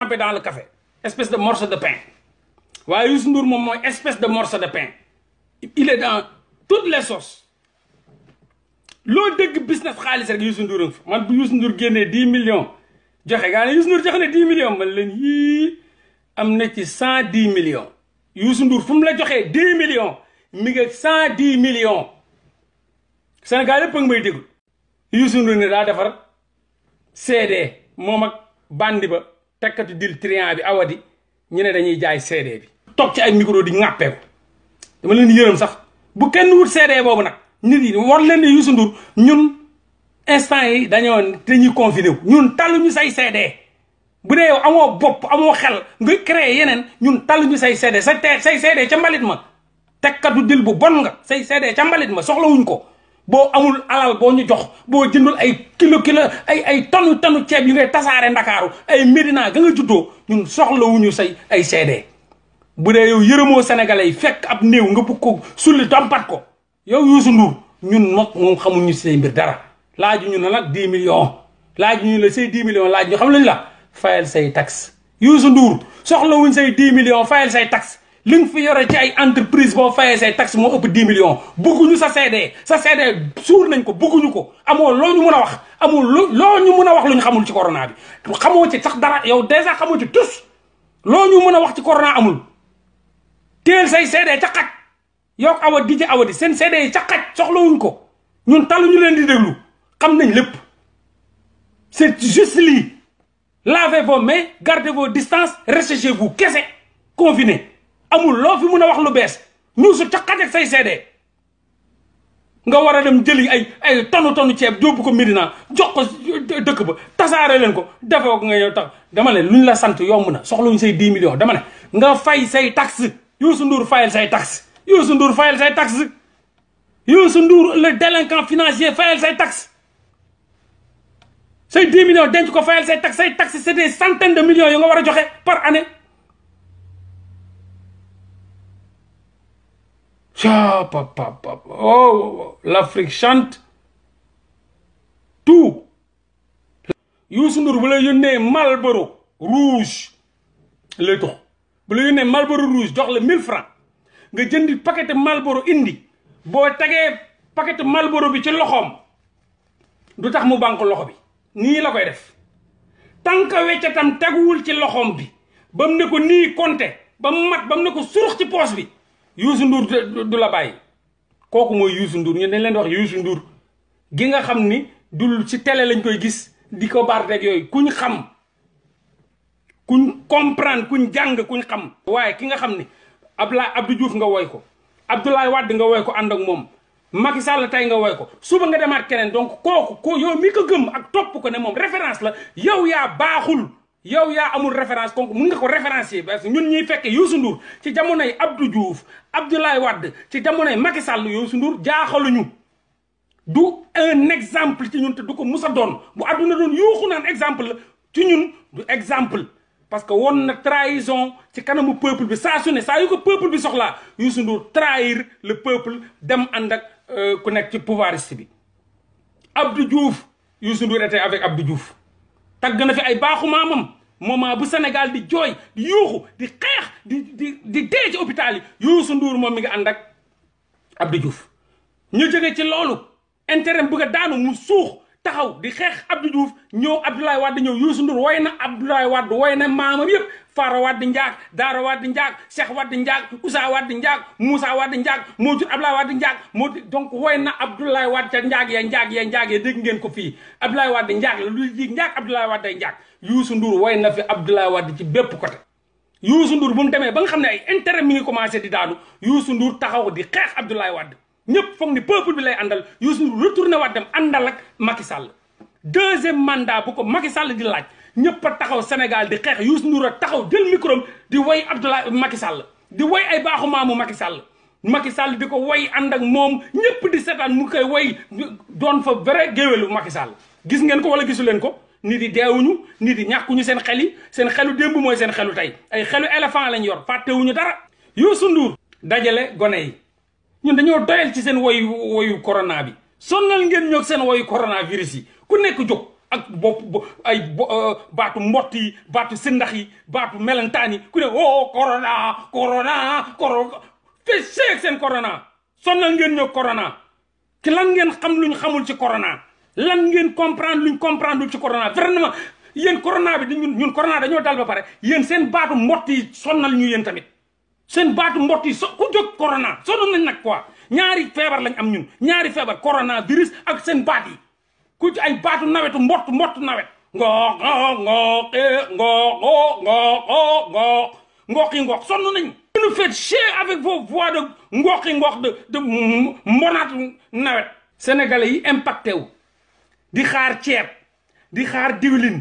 trempé dans le café. Espèce de morceau de pain. Vous voyez, une espèce de morceau de pain. Il est dans toutes les sauces. L'autre business khalis est Yusuf Ndour. Moi, Yusuf Ndour gagne 10 millions. Je regarde, Yusuf Ndour gagne 10 millions. Je dis, il y a 110 millions. Yusuf Ndour, il y a 10 millions. Il y 110 millions. Le Sénégal est un peu de temps. Yusuf Ndour est là, il a CD, il y a Bandiba. tekkatu dil trian bi di ñu ne dañuy jaay CD bi. toog ci ay micro di ŋàppee ko dama leen yërëm sax bu kenn wut CD boobu nag nit yi war leen di Youssou Ndour ñun instant yi dañoo dañuy confiné wu ñun talluñu say CD. bu dee amoo bopp amoo xel nga créé yeneen ñun ñu say CD say CD ca mbalit ma takkatu dil bu bon nga say CD ca mbalit ma soxlawuñ ko. boo amul alal boo ñu jox boo jëndul ay kilo kilo ay ay tonu tonu ceeb yi ngay tasaare ndakaaru ay Médina ga nga juddoo ñun soxlawuñu say ay sede bu dee yow yërëmoo sénégalais yi fekk ab néew nga bugg ko sulli dompat ko yow Youssou Ndour ñun mook moom xamuñu say mbir dara laaju ñu ne nag 10 millions laaju ñu la say 10 millions laaj ñu xam lañu la fayal say taxe Youssou Ndour wuñ say 10 millions fayal say taxe ling fi yore ci ay entreprise bo fayé ces taxes mo ëpp 10 millions bëggu ñu sa seede sa seede sour nañ ko bëggu ñu ko amoo loñu mëna wax amoo loñu mëna wax lu xamul ci corona bi xamoo ci sax dara yow déjà xamoo ci tous loñu mëna wax ci corona amul téel say seede ci xaj yow awa di ci awa di seen seede yi ca xaj soxlawuñ ko ñun talu ñu leen di déglu xam nañ lepp c'est juste li lavez vos mains gardez vos distances restez chez vous kese confiné amul loo fi mun a wax lu bees ñu su caqat ak say seede nga war a dem jëli ay ay tonu tonu ceeb jóbbu ko Médina jox ko dëkk ba tasaare leen ko defoo ko nga yow tax dama ne luñ la sant yomb na soxluñ say 10 millions dama ne nga fay say taxe Youssou Ndour fayal say taxe Youssou Ndour fayal say taxe Youssou Ndour le délinquant financier fayal say taxe say 10 millions denc ko fayal say taxe say taxe c'est des centaines de millions yu nga war a joxe par année Oh, l'Afrique chante. Tout. Youssou Ndour bu la yónnee Malboro rouge lay dox bu la yónnee Malboro rouge jox la 1000 francs nga jëndi paquet Malboro indi boo tegee paquet Malboro bi ci loxoom du tax mu bànk loxo bi nii la koy def tànk weccatam teguwul ci loxoom bi ba mu ne ko nii compté ba mu mat ba mu ne ko surux ci poos bi Youssou Ndour du la bàyyi kooku mooy Youssou Ndour ñu dañ leen di wax nduur ki nga xam ni dul ci tele lañ koy gis di ko bardeeg yooyu kuñ xam kuñ comprendre kuñ jàng kuñ xam. waaye ki nga xam ni Abdoulaye abdu Diouf nga woy ko Abdoulaye Wade nga woy ko ànd ak moom Macky Sall tey nga woy ko suba nga demaat keneen donc kooku ko yow mi ko gëm ak topp ko ne moom référence la yow yaa baaxul. yow ya amul référence kon mun nga ko référencer parce que ñun ñi fekke yousou Ndour ci jamonoy Abdou Diouf Abdoulaye wad ci jamonoy Macky Sall Youssou Ndour jaaxaluñu du un exemple ci ñun te du ko musa don bu aduna don yuuxu naan exemple ci ñun du exemple parce que won na trahison ci kanamu peuple bi sa suné sa saa ko peuple bi soxla yousou Ndour trahir le peuple dem andak ak euh, ku nek ci pouvoiriste bi Abdou Diouf yousou Ndour était avec Abdou Diouf tagg na fi ay baaxu maamam moment bu senegal di jooy di yuuxu di xeex di di di dee ci hôpital yi Youssou Ndour moom mi ngi ànd ak Abdou Diouf ñu jóge ci loolu intérim bëgg daanu mu suux taxaw di xeex Abdou Diouf ñëw Abdoulaye Wade ñëw Youssou Ndour woy na Abdoulaye Wade woy na maamam yëpp Faara Wade Ndiak di Wade Ndiak Cheikh Wade Ndiak Oussa Wade Ndiak Moussa Wade Ndiak moo jur Abdoulaye Wade Ndiak moo donc woy na Abdoulaye Wade ca Ndiak ya Ndiak ya Ndiak ya dégg ngeen ko fii Abdoulaye Wade Ndiak la lu ji Ndiak Abdoulaye Wade Ndiak Youssou Ndour woy na fi Abdoulaye Wade ci bépp côté. Youssou Ndour bu mu demee ba nga xam ne ay intérêt mi ngi commencé di daanu Youssou nduur taxaw di xeex Abdoulaye Wade. ñëpp foog ni peuple bi lay àndal Youssou Ndour retourné waat dem àndal ak Macky Sall deuxième mandat bu ko Macky Sall di laaj ñëpp a taxaw Sénégal di xeex Youssou Ndour a taxaw jël micro di woy Abdoulaye Macky Sall di woy ay baaxu maamu Macky Sall Macky Sall di ko woy ànd ak moom ñëpp di seetaan mu koy woy doon fa vrai géwelu Macky Sall gis ngeen ko wala gisu leen ko nit di deewuñu nit yi ñàkkuñu seen xel yi seen xelu démb mooy seen xelu tey ay xelu éléphant lañ yor fàttewuñu dara Youssou Ndour dajale gone yi ñun dañoo doyal ci seen woyu woyu corona bi sonnal ngeen ñoog seen woyu coronavirus yi ku nekk jóg ak bopp ay euh, baatu mbott yi baatu sindax yi baatu melentaan yi ku ne oh corona corona seen corona sonnal ngeen ñoog corona ki lan ngeen xam luñ xamul ci corona lan ngeen comprendre luñ comprendre luñ ci corona vraiment yéen corona bi dañun ñun corona dañoo dal ba pare yéen seen baatu mbott yi sonnal ñu yéen tamit sen baatu mbott yi so ku jóg corona sonu nañ nag quoi ñaari feebar lañ am ñun ñaari feebar corona virus ak sen bat yi ku ci ay baatu nawetu mbott mbott nawet ngoox ngoox ngoox eh, ngoox ngoox ngooxi ngoox sonu nañ ñu fait chier avec vos voix de ngooxi ngoox de de mbonaatu nawet sénégalais yi impacté wu di xaar ciép di xaar diwlin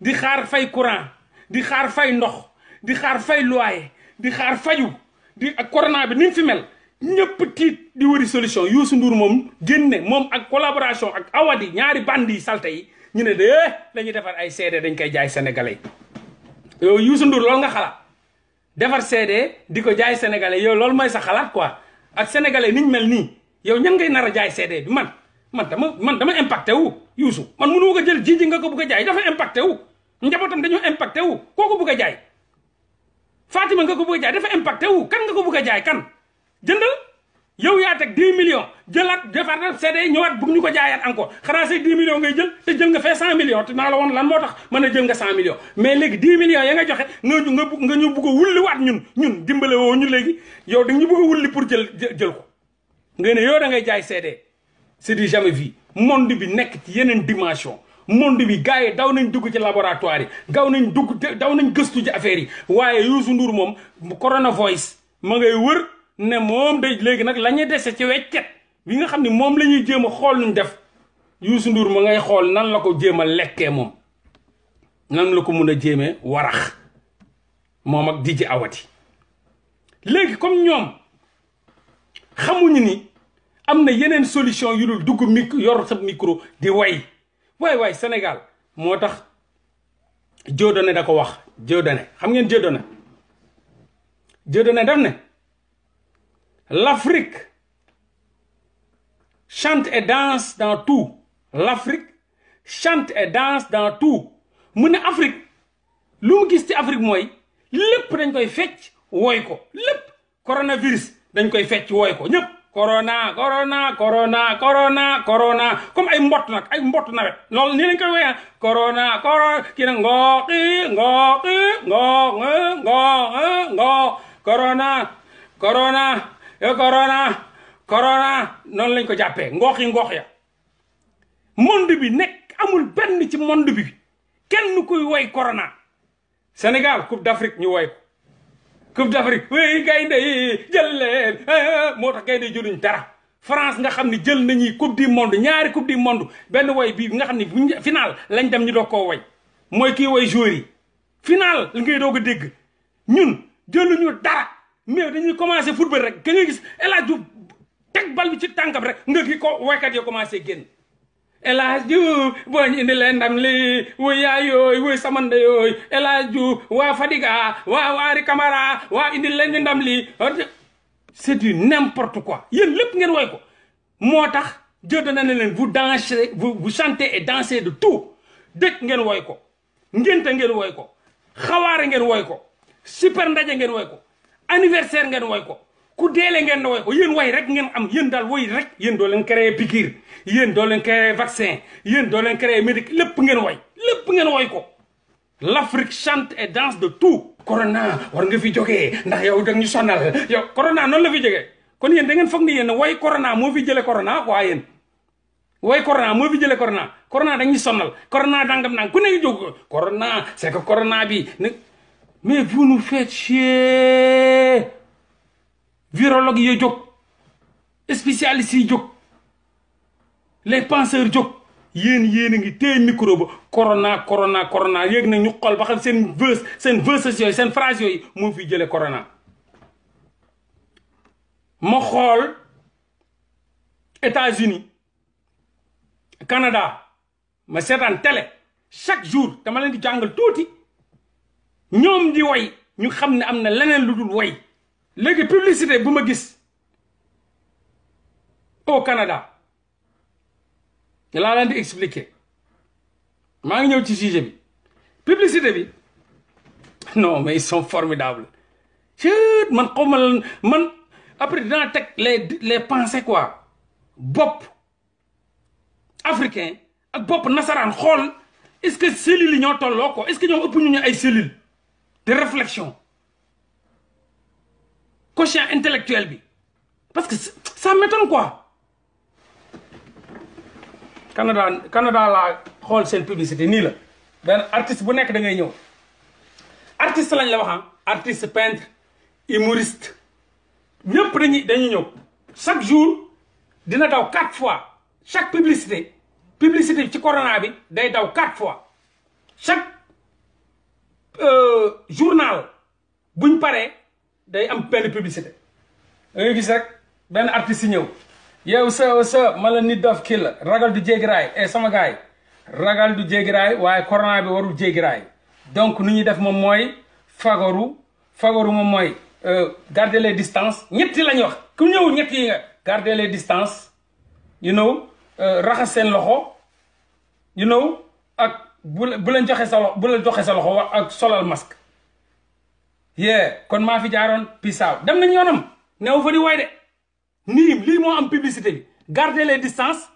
di xaar fay courant di xaar fay ndox di xaar fay loyer di xaar fayu di ak corona bi nim fi mel ñepp tiit di wëri solution Youssou ndur mom genné mom ak collaboration ak awadi ñaari bandi salté yi ñu né dé lañu defar ay CD dañ koy jaay sénégalais yi yow Youssou ndur loolu nga xalaat defar CD di jaay sénégalais yow loolu moy sa xalaat quoi ak sénégalais niñ mel ni yow ñan ngay nara jaay CD bi man man dama man dama impacté wu yusu man mënu nga jël jiiji nga ko bugg a jaay dafa impacté wu njabotam dañu impacté wu koku bugg a jaay Fatima nga ko bëgg a jaay dafa impacté wu kan nga ko bëgg a jaay kan jëndal yow yaa teg 10 millions jëlaat defar na CD ñëwaat bëgg ñu ko jaayaat encore xanaa say 10 millions ngay jël te jël nga fee 100 millions te naa la woon lan moo tax mën a jël nga 100 millions mais léegi 10 millions ya nga joxe nga nga nga ñu bëgg a wulliwaat ñun ñun dimbale woo ñu léegi yow da ñu bëgg a wulli pour jël jël ko nga ne yow da ngay jaay CD c'est du jamais vu monde bi nekk yeneen dimension monde bi gars yi daw nañ dugg ci laboratoire yi gaw nañ dugg daw nañ gëstu ci affaire yi waaye Youssou Ndour moom corona voice ma ngay wër ne moom day léegi nag lañuy dese ci weccet bi nga xam ne moom la ñuy jéem a xool nuñ def Youssou Ndour ma ngay xool nan la ko jéem lekkee moom nan la ko mun a jéeme warax moom ak Dj Awadi léegi comme ñoom xamuñu ni am na yeneen solution yu dul dugg micro yor sa micro di way waay waay Sénégal moo tax Dieudonné da ko wax Dieudonné xam ngeen Dieudonné Dieudonné daf ne l'Afrique chante et danse dans tout l'Afrique chante et dance dans tout mu ne Afrique lu mu gis ci Afrique mooy lépp dañ koy fecc wooy ko lépp coronavirus dañ koy fecc wooy ko ñëpp corona corona corona corona comme ay mbott nag ay mbott nawet loolu nii lañ koy wéyaan corona corona kii nag ngooxi ngooxi ngoox ngoox noonu lañ ko jàppee ngoox yi ngoox ya monde bi nekk amul benn ci monde bi kenn koy woy corona Sénégal Coupe d'Afrique ñu woy coupe d'Afrique oui gaynde yi jël leen eh, eh, eh, moo tax gaynde yi jëluñ dara France nga xam ne jël nañuy coupe du monde ñaari coupe du monde benn bii bi nga xam ni buñ final lañ dem ñu doo koo woy mooy kii woy joueurs yi final li ngay doog a dégg ñun jëluñu dara mais dañuy commencé football rek ka nga gis El Hadj Diouf teg bal bi ci tànkam rek nga kii ko woykat yo commencé génn El Hadj Diouf boo ñu indi yaay yooyu wuy samanda yooyu El waa Fadiga waa waari Camara waa indi leen ñu ndam li c'est du n'importe quoi yéen lépp ngeen woy ko moo tax Dieu dana ne leen vous dansez vous vous et dansez de tout dëkk ngeen woy ko ngénte ngeen woy ko xawaare ngeen woy ko super ndaje ngeen woy ko anniversaire ngeen woy ko ku deele ngeen na way ko yéen way rek ngeen am yéen daal way rek yéen doo leen créé piqûre yéen doo leen créé vaccin yéen doo leen créé médic lépp ngeen way lépp ngeen way ko l'Afrique chante et dance de tout corona war nga fi jógee ndax yow dag ñu sonal yow corona noonu la fi jógee kon yéen da ngeen foog ni yéen moo fi jële corona waa yéen way corona moo fi jële corona corona dañuy sonal corona dangam nang ku ne jóg corona c'est que corona bi ne mais vous nous faites Virologie, yi spécialiste spécialistes les penseurs jóg yeen yéen ngi té micro ba corona corona corona yéeg na ñu xol ba xam sen vœux sen vœux yooyu seen phrase yoy mo fi jëlee corona mo xol États-Unis Canada ma sétane télé chaque jour dama leen di jàngal touti ñom di way ñu xamné amna leneen luddul dul way les publicité bu ma gis au Canada je leen di expliquer maa ngi ñëw ci sujet bi publicité non mais ils sont formidables Chut, man man après dans tek les les pensées quoi Bop africain ak bop un xol est-ce que cellules ñoo tolo ko est-ce que ñoo ëpp ñu ay cellules de réflexion quotient intellectuel parce que ça m'étonne quoi. Canada Canada publicité la artiste bu que da artiste la hein. artiste peintre humoriste mieux prenez chaque jour dina quatre fois chaque publicité publicité ci corona bi day quatre fois chaque euh, journal day am de publicité artiste. gis rek un artiste ñew sa sa mala nit dof ragal du eh, sama gars ragal du corona bi warul donc nu ñuy def moy fagorou fagorou mom moy euh, garder les distances lañ wax ku garder les distances you know euh, you know ak bu joxe sa bu joxe Yeah, kon ma fi jaaroon pisaw dem nañ en a fa di way de li mo am publicité Gardez les distances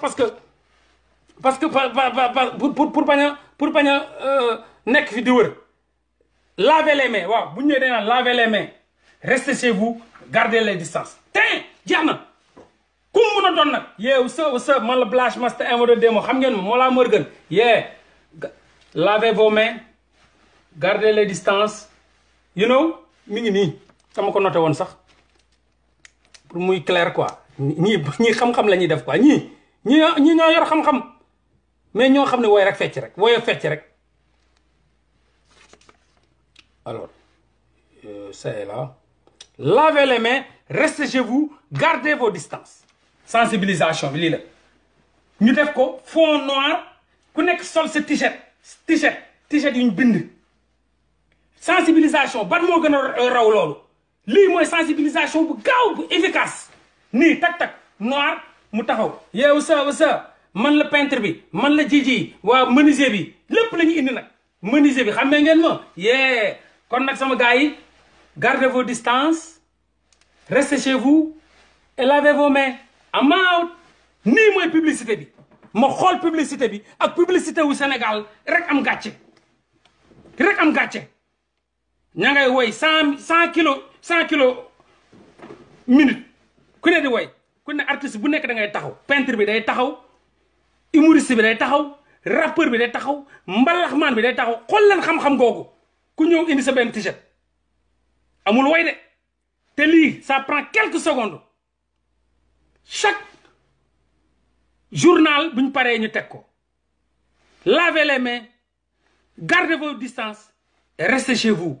parce que parce que pour pour pour pour pour euh, Lavez fi di les mains waaw Je les mains restez chez vous gardez les distances te jeex Je ku mu Je so Master xam ngeen mo lavez vos mains garder les distances you know mi ngi sama ko noté won sax pour muy clair quoi Ni ni xam-xam la def quoi Ni ni ñoo yor xam-xam mais ñoo xamné way rek fecc rek wayo fecc rek alors euh, ça et là lavez les mains restez chez vous gardez vos distances sensibilisation bi lii la ñu def ko fond noir ku nekk sol ce t-shirt t-shirt t-shirt yu ñu bind sensibilisation ban mo gëna raw lolu li moy sensibilisation bu gaaw bu efficace ni tak-tak noir mu taxaw yeu sa sa man la peintre bi man la jiji wa menuisier bi lepp lañu indi nak menuisier bi xamé ngeen ma ye kon nak sama gaay gardez vos distances restez chez vous et lavez vos mains amout, out nii publicité bi ma xol publicité bi ak publicité wu Sénégal rek am gatché rek am gatché ñangay woy 100 kilo kilo minute ne woy artiste bu da peintre bi day taxaw humoriste bi rappeur bi day taxaw bi day taxaw xam-xam ku indi sa ça prend quelques secondes chaque journal buñ paré ñu lavez les mains gardez vos distances et restez chez vous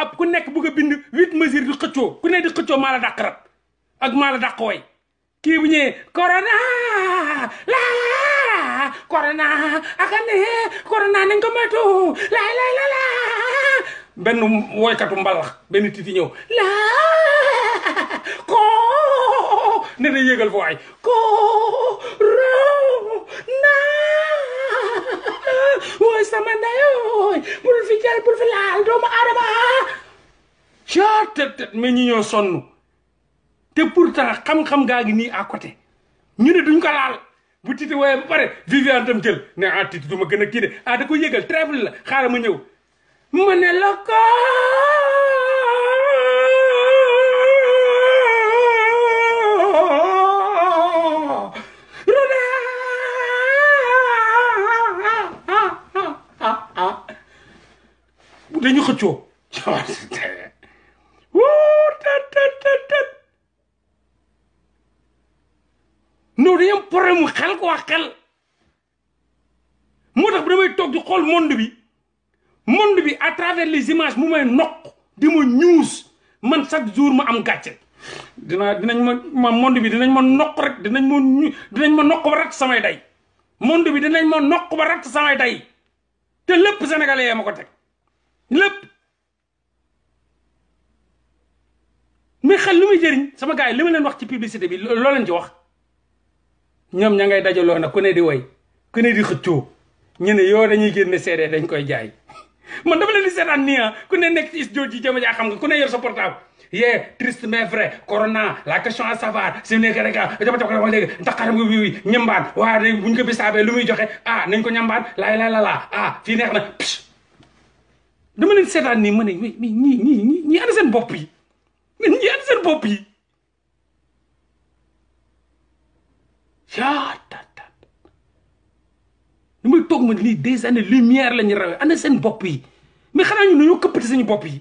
ab ku nekk bëgg a bind huit mesures di xëccoo ku ne di xëccoo maa la dàq ak maa la dàq way kii bu ñëwee corona laa corona aka ne corona nañ ko moytu laay laay la la benn woykatu mbalax benn titi ñëw laa ko ne da yégal fo waay ko ro naa wooy sama ndeyooy bul fi jël bul fi laal doomu aadama caa tët tët mais ñi ñoo sonn te pourtant xam-xam gaa ngi nii à côté ñu ne duñ ko laal bu titi waaye ba pare Viviane tam jël ne ah titi du ma gën a kii de ah da ko yëgal trèble la xaaral ma ñëw ma ne la dañu xëccoo wóor tet tet tet tet non dañu am mu xel ko wax xel moo tax bu damay toog di xool monde bi monde bi à travers les images mu may noq di ma ñuus man chaque jour ma am gàcce dinaa dinañ ma ma monde bi dinañ ma noq rek dinañ ma ñu dinañ ma noq ba ratt samay day monde bi dinañ ma noq ba ratt samay day te lépp sénégalais yee ma ko teg lépp mais xel lu muy jëriñ sama gars yi li ma leen wax ci publicité bi loo leen ci wax ñoom ña ngay dajaloo nag ku ne di woy ku ne di xëccoo ñu ne yow dañuy génne seede dañ koy jaay man dama leen di seetaan nii ah, ku ne nekk ci studio ji jëm jaa xam nga ku ne yor sa portable yee triste vrai corona la question à savoir si nekk rek ah dama toog rek wax léegi ndax xaram nga wi wi ñambaat waa buñ ko bisaabee lu muy joxe ah nañ ko ñambaat laay laay la laa ah fii neex na dama len seetaan ni ma ne ni ni ni ni ni ana sen bop yi mais ni ana sen bop yi ta ta damay tok ma lii des années lumière la rawé ana sen bop yi mi xana ñu dañoo këppati suñu bop yi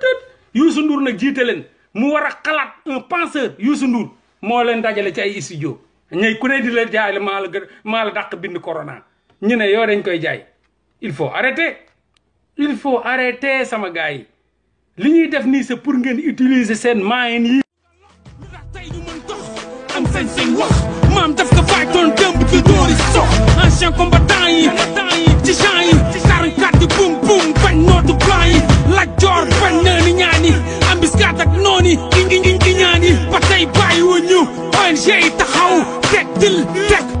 tat yusu ndur nak jité len mu wara xalat un eh, penseur yusu ndur mo len dajalé ci ay studio ñay ku ne di la jaay la mal la gën bind corona ñu ne yoo dañ koy jaay il faut arrêter il faut arrêter sama gars yi li ñuy def nii c'est pour ngeen utiliser seen moyens yi tey ñu mën dox am sañ maam daf ko fàjtoon démb di dóori sox ancien combattant yi yi ci champs yi ci 44 yi buum buum bañ nootu plan yi laj joor bañ na ni ñaani ambiskat ak nooni ngi ngi ngi ñaani ba tey bàyyi wuñu ONG taxaw teg dil teg